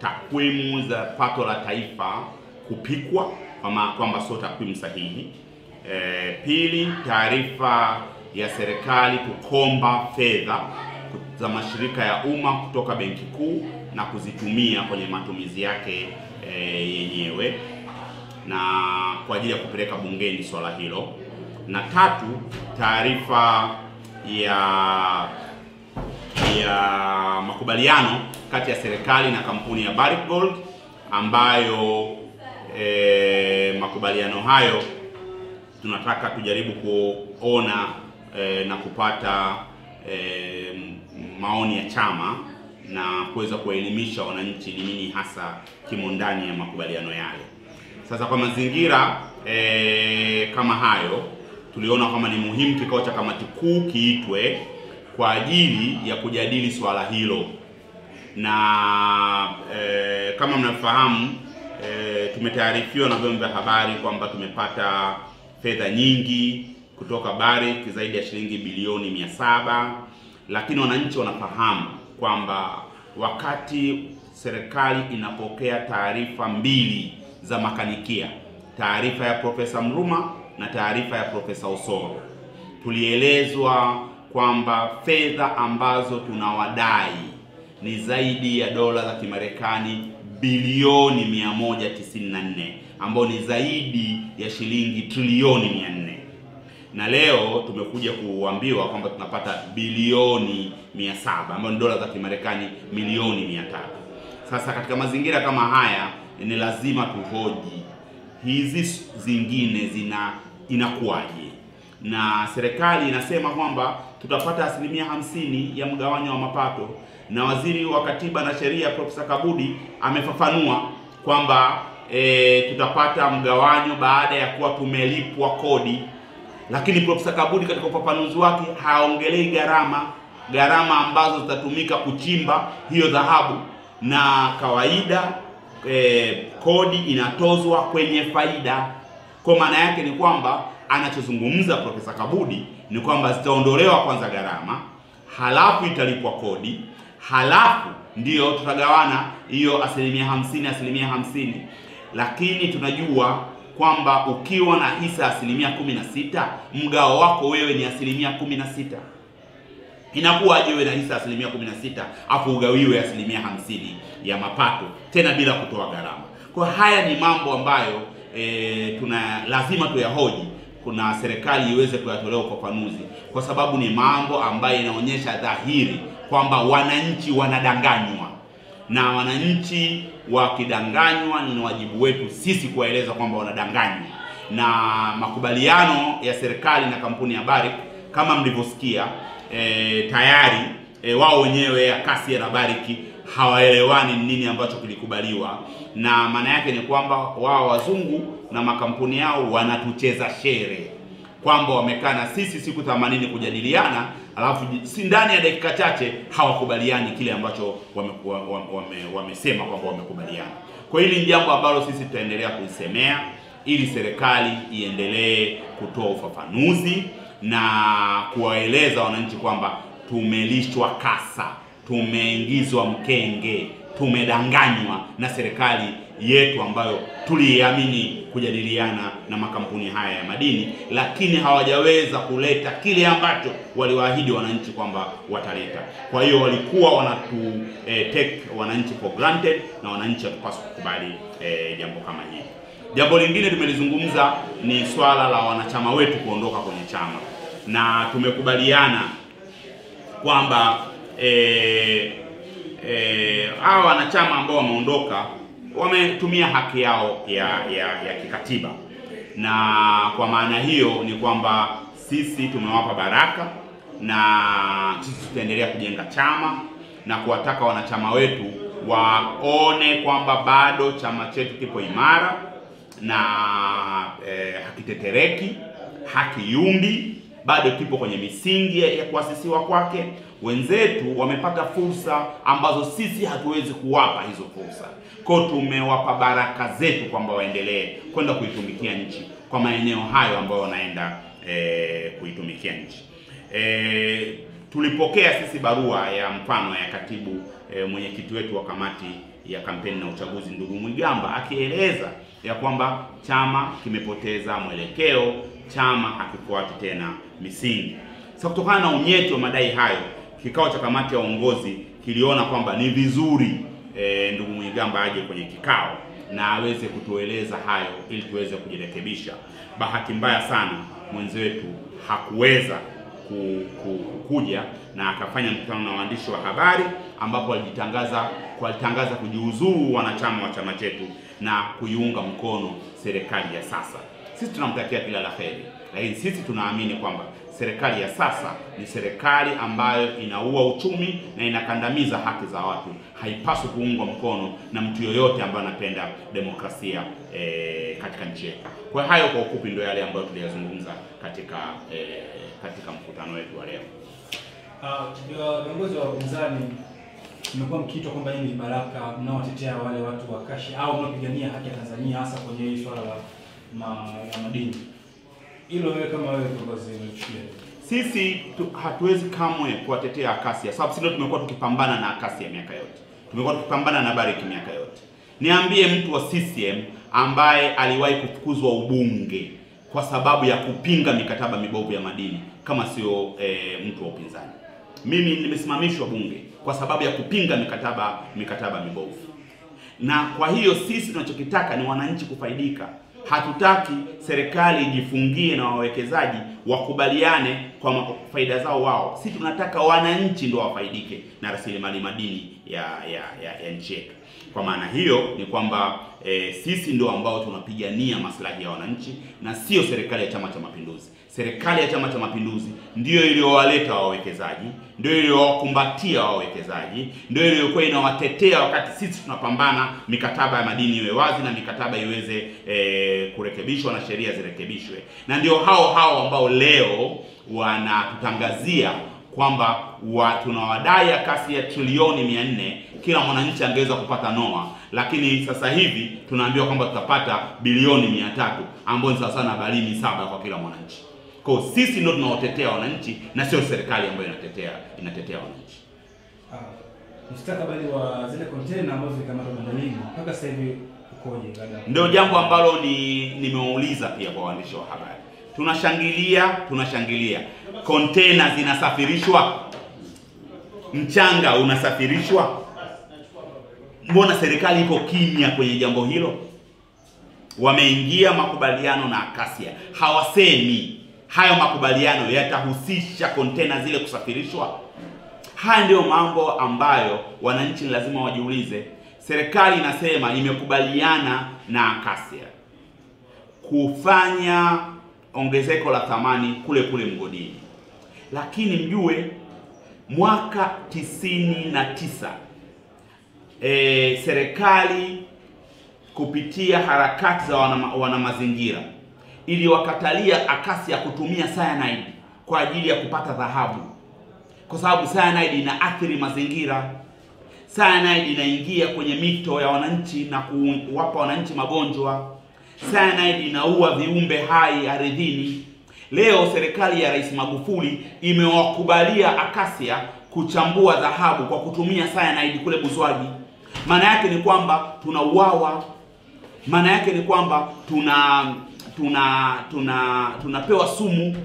takwimu za pato la taifa kupikwa kwamba sio takwimu sahihi. E, pili, taarifa ya serikali kukomba fedha za mashirika ya umma kutoka Benki Kuu na kuzitumia kwenye matumizi yake e, yenyewe na kwa ajili ya kupeleka bungeni swala hilo, na tatu, taarifa ya ya makubaliano kati ya serikali na kampuni ya Barrick Gold ambayo e, makubaliano hayo tunataka kujaribu kuona e, na kupata e, maoni ya chama na kuweza kuwaelimisha wananchi ni nini hasa kimo ndani ya makubaliano yale. Sasa kwa mazingira e, kama hayo tuliona kama ni muhimu kikao cha kamati kuu kiitwe kwa ajili ya kujadili swala hilo na e, kama mnafahamu e, eh, tumetaarifiwa na vyombo vya habari kwamba tumepata fedha nyingi kutoka BARIC zaidi ya shilingi bilioni mia saba, lakini wananchi wanafahamu kwamba wakati serikali inapokea taarifa mbili za makanikia, taarifa ya Profesa Mruma na taarifa ya Profesa Osoro, tulielezwa kwamba fedha ambazo tunawadai ni zaidi ya dola za Kimarekani bilioni 194 ambayo ni zaidi ya shilingi trilioni 400 na leo tumekuja kuambiwa kwamba tunapata bilioni 700 ambayo ni dola za Kimarekani milioni 300. Sasa katika mazingira kama haya ni lazima tuhoji hizi zingine zina inakuwaje, na serikali inasema kwamba tutapata asilimia hamsini ya mgawanyo wa mapato, na waziri wa katiba na sheria Profesa Kabudi amefafanua kwamba e, tutapata mgawanyo baada ya kuwa tumelipwa kodi. Lakini Profesa Kabudi katika ufafanuzi wake haongelei gharama, gharama ambazo zitatumika kuchimba hiyo dhahabu, na kawaida e, kodi inatozwa kwenye faida kwa maana yake ni kwamba anachozungumza Profesa Kabudi ni kwamba zitaondolewa kwanza gharama, halafu italipwa kodi, halafu ndiyo tutagawana hiyo asilimia hamsini asilimia hamsini. Lakini tunajua kwamba ukiwa na hisa asilimia kumi na sita mgao wako wewe ni asilimia kumi na sita Inakuwaje wewe na hisa asilimia kumi na sita afu ugawiwe asilimia hamsini ya mapato tena bila kutoa gharama? Kwa haya ni mambo ambayo e, tuna lazima tuyahoji, kuna serikali iweze kuyatolea ufafanuzi, kwa sababu ni mambo ambayo inaonyesha dhahiri kwamba wananchi wanadanganywa, na wananchi wakidanganywa, ni wajibu wetu sisi kuwaeleza kwamba wanadanganywa. Na makubaliano ya serikali na kampuni ya Barrick kama mlivyosikia, e, tayari e, wao wenyewe kasi ya Barrick hawaelewani nini ambacho kilikubaliwa, na maana yake ni kwamba wao wazungu na makampuni yao wanatucheza shere kwamba wamekaa na sisi siku 80 kujadiliana, alafu si ndani ya dakika chache hawakubaliani kile ambacho wamesema wame, wame, wame kwamba wamekubaliana. Kwa hili ni jambo ambalo sisi tutaendelea kuisemea ili serikali iendelee kutoa ufafanuzi na kuwaeleza wananchi kwamba tumelishwa kasa tumeingizwa mkenge, tumedanganywa na serikali yetu ambayo tuliamini kujadiliana na makampuni haya ya madini, lakini hawajaweza kuleta kile ambacho waliwaahidi wananchi kwamba wataleta. Kwa hiyo walikuwa wanatu eh, take wananchi for granted, na wananchi hatupaswi kukubali eh, jambo kama hili. Jambo lingine tumelizungumza ni swala la wanachama wetu kuondoka kwenye chama, na tumekubaliana kwamba e, e, hawa wanachama ambao wameondoka wametumia haki yao ya, ya, ya kikatiba, na kwa maana hiyo ni kwamba sisi tumewapa baraka na sisi tutaendelea kujenga chama na kuwataka wanachama wetu waone kwamba bado chama chetu kipo imara na e, hakitetereki, hakiyumbi, bado kipo kwenye misingi ya kuasisiwa kwake wenzetu wamepata fursa ambazo sisi hatuwezi kuwapa hizo fursa. Kwa tumewapa baraka zetu kwamba waendelee kwenda kuitumikia nchi kwa maeneo hayo ambayo wanaenda e, kuitumikia nchi e, tulipokea sisi barua ya mfano ya katibu e, mwenyekiti wetu wa kamati ya kampeni na uchaguzi ndugu Mwigamba akieleza ya kwamba chama kimepoteza mwelekeo, chama hakifuati tena misingi. Sasa kutokana na unyeti wa madai hayo kikao cha kamati ya uongozi kiliona kwamba ni vizuri e, ndugu Mwigamba aje kwenye kikao na aweze kutueleza hayo ili tuweze kujirekebisha. Bahati mbaya sana mwenzetu hakuweza ku, ku, kuja na akafanya mkutano na waandishi wa habari ambapo alijitangaza alitangaza kujiuzuru wanachama wa chama chetu na kuiunga mkono serikali ya sasa. Sisi tunamtakia kila la heri, lakini sisi tunaamini kwamba serikali ya sasa ni serikali ambayo inaua uchumi na inakandamiza haki za watu, haipaswi kuungwa mkono na mtu yoyote ambaye anapenda demokrasia e, katika nchi yetu. Kwa hayo kwa ufupi ndio yale ambayo tuliyazungumza katika e, katika mkutano wetu wa leo. Ah, viongozi wa upinzani mmekuwa mkiitwa kwamba ni baraka mnaotetea wale watu wa Kashi au mnaopigania haki ya Tanzania hasa kwenye hili swala la madini hilo wewe kama wewe Mbabazi unachukia. Sisi tu, hatuwezi kamwe kuwatetea Akasia sababu sisi ndio tumekuwa tukipambana na Akasia miaka yote. Tumekuwa tukipambana na Bariki miaka yote. Niambie mtu wa CCM ambaye aliwahi kufukuzwa ubunge kwa sababu ya kupinga mikataba mibovu ya madini kama sio e, mtu wa upinzani. Mimi nimesimamishwa bunge kwa sababu ya kupinga mikataba mikataba mibovu. Na kwa hiyo sisi tunachokitaka ni wananchi kufaidika Hatutaki serikali ijifungie na wawekezaji wakubaliane kwa faida zao wao. Si tunataka wananchi ndio wafaidike na rasilimali madini ya, ya, ya, ya nchi yetu. Kwa maana hiyo ni kwamba e, sisi ndio ambao tunapigania maslahi ya wananchi na sio serikali ya Chama cha Mapinduzi. Serikali ya Chama cha Mapinduzi ndiyo iliyowaleta wawekezaji, ndiyo iliyowakumbatia wawekezaji, ndiyo iliyokuwa inawatetea wakati sisi tunapambana mikataba ya madini iwe wazi na mikataba iweze e, kurekebishwa na sheria zirekebishwe, na ndio hao hao ambao leo wanatutangazia kwamba tunawadai kasi ya trilioni mia nne kila mwananchi angeweza kupata noa, lakini sasa hivi tunaambiwa kwamba tutapata bilioni mia tatu ambayo ni sawa na barini saba kwa kila mwananchi. Kwa sisi ndio tunawatetea wananchi na sio serikali ambayo inatetea inatetea wananchi. Ah, mustakabali wa zile container ambazo zikamatwa bandarini mpaka sasa hivi ukoje? Ndio jambo ambalo ni nimeuliza pia kwa waandishi wa habari. Tunashangilia, tunashangilia container zinasafirishwa, mchanga unasafirishwa, mbona serikali iko kimya kwenye jambo hilo? Wameingia makubaliano na Acacia, hawasemi hayo makubaliano yatahusisha kontena zile kusafirishwa? Haya ndiyo mambo ambayo wananchi ni lazima wajiulize. Serikali inasema imekubaliana na Acacia kufanya ongezeko la thamani kule kule mgodini, lakini mjue mwaka tisini na tisa e, serikali kupitia harakati za wanamazingira wana iliwakatalia Acacia kutumia cyanide kwa ajili ya kupata dhahabu, kwa sababu cyanide inaathiri mazingira. Cyanide inaingia kwenye mito ya wananchi na kuwapa wananchi magonjwa. Cyanide inaua viumbe hai ardhini. Leo serikali ya Rais Magufuli imewakubalia Acacia kuchambua dhahabu kwa kutumia cyanide kule Buzwagi. Maana yake ni kwamba tunauawa, maana yake ni kwamba tuna tuna tuna tunapewa sumu.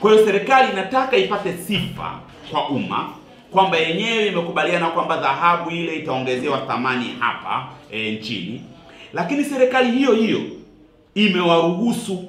Kwa hiyo serikali inataka ipate sifa kwa umma kwamba yenyewe imekubaliana kwamba dhahabu ile itaongezewa thamani hapa e, nchini, lakini serikali hiyo hiyo imewaruhusu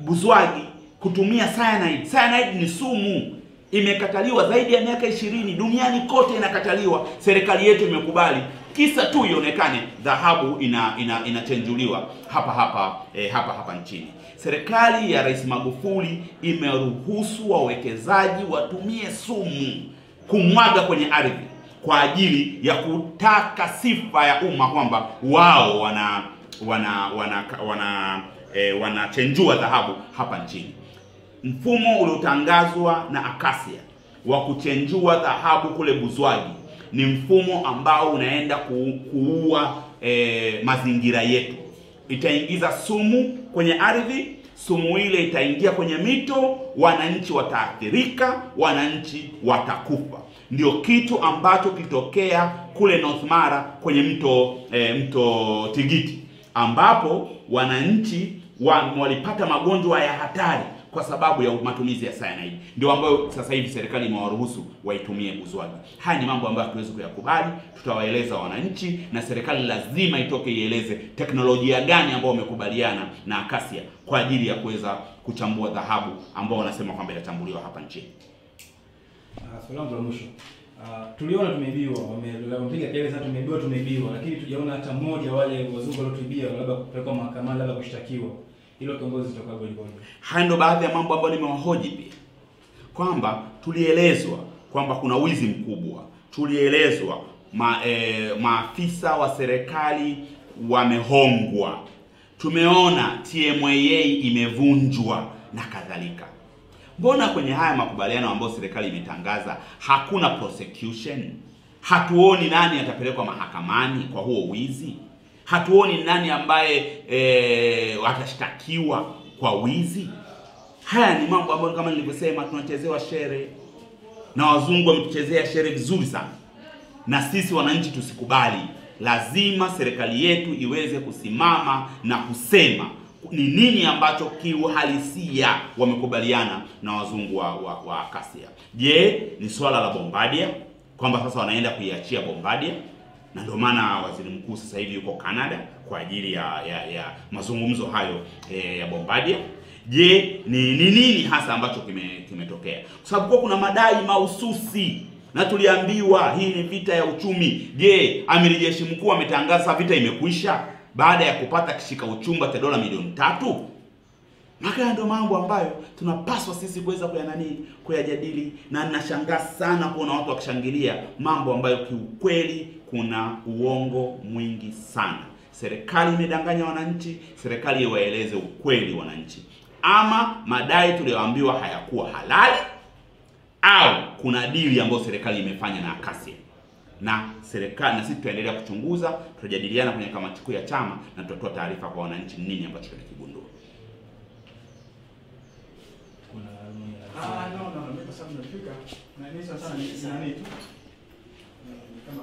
Buzwagi kutumia cyanide. Cyanide ni sumu, imekataliwa zaidi ya miaka ishirini duniani kote, inakataliwa. Serikali yetu imekubali kisa tu ionekane dhahabu inachenjuliwa ina, ina hapa hapa eh, hapa hapa nchini. Serikali ya Rais Magufuli imeruhusu wawekezaji watumie sumu kumwaga kwenye ardhi kwa ajili ya kutaka sifa ya umma kwamba wao wana wana wana wana e, wanachenjua dhahabu hapa nchini. Mfumo uliotangazwa na Acacia wa kuchenjua dhahabu kule Buzwagi ni mfumo ambao unaenda kuua e, mazingira yetu. Itaingiza sumu kwenye ardhi, sumu ile itaingia kwenye mito, wananchi wataathirika, wananchi watakufa. Ndio kitu ambacho kitokea kule North Mara kwenye mto e, mto Tigiti ambapo wananchi walipata magonjwa ya hatari kwa sababu ya matumizi ya cyanide, ndio ambayo sasa hivi serikali imewaruhusu waitumie buzwagi. Haya ni mambo ambayo hatuwezi kuyakubali, tutawaeleza wananchi, na serikali lazima itoke ieleze teknolojia gani ambayo wamekubaliana na Acacia kwa ajili ya kuweza kuchambua dhahabu ambao wanasema kwamba itachambuliwa hapa nchini. Uh, swali langu la mwisho Uh, tuliona tumeibiwa, wamepiga kelele sana, tumeibiwa tumeibiwa, lakini tujaona hata mmoja wale wazungu waliotuibia labda kupelekwa mahakamani labda kushtakiwa hilo kiongozi litakuwa goligoji. Haya ndio baadhi ya mambo ambayo nimewahoji pia kwamba tulielezwa kwamba kuna wizi mkubwa, tulielezwa ma, e, maafisa wa serikali wamehongwa, tumeona TMA imevunjwa na kadhalika. Mbona kwenye haya makubaliano ambayo serikali imetangaza hakuna prosecution? Hatuoni nani atapelekwa mahakamani kwa huo wizi hatuoni nani ambaye e, atashtakiwa kwa wizi. Haya ni mambo ambayo kama nilivyosema, tunachezewa shere na wazungu wametuchezea shere vizuri sana, na sisi wananchi tusikubali. Lazima serikali yetu iweze kusimama na kusema ni nini ambacho kiuhalisia wamekubaliana na wazungu wa, wa, wa Acacia. Je, ni swala la Bombardier kwamba sasa wanaenda kuiachia Bombardier? na ndio maana waziri mkuu sasa hivi yuko Canada kwa ajili ya ya, ya mazungumzo hayo e, ya Bombardier. Je, ni ni nini hasa ambacho kimetokea kime? Kwa sababu kwa kuna madai mahususi na tuliambiwa hii ni vita ya uchumi. Je, amiri jeshi mkuu ametangaza vita imekwisha baada ya kupata kishika uchumba cha dola milioni tatu? Makaya ndio mambo ambayo tunapaswa sisi kuweza nani kuyajadili, na nashangaa sana kuona watu wakishangilia mambo ambayo kiukweli kuna uongo mwingi sana. Serikali imedanganya wananchi, serikali iwaeleze ukweli wananchi, ama madai tuliyoambiwa hayakuwa halali au kuna dili ambayo serikali imefanya na Acacia na serikali na sisi tutaendelea kuchunguza, tutajadiliana kwenye kamati kuu ya chama na tutatoa taarifa kwa wananchi nini ambacho tunakigundua. Kuna ah, no, no, no,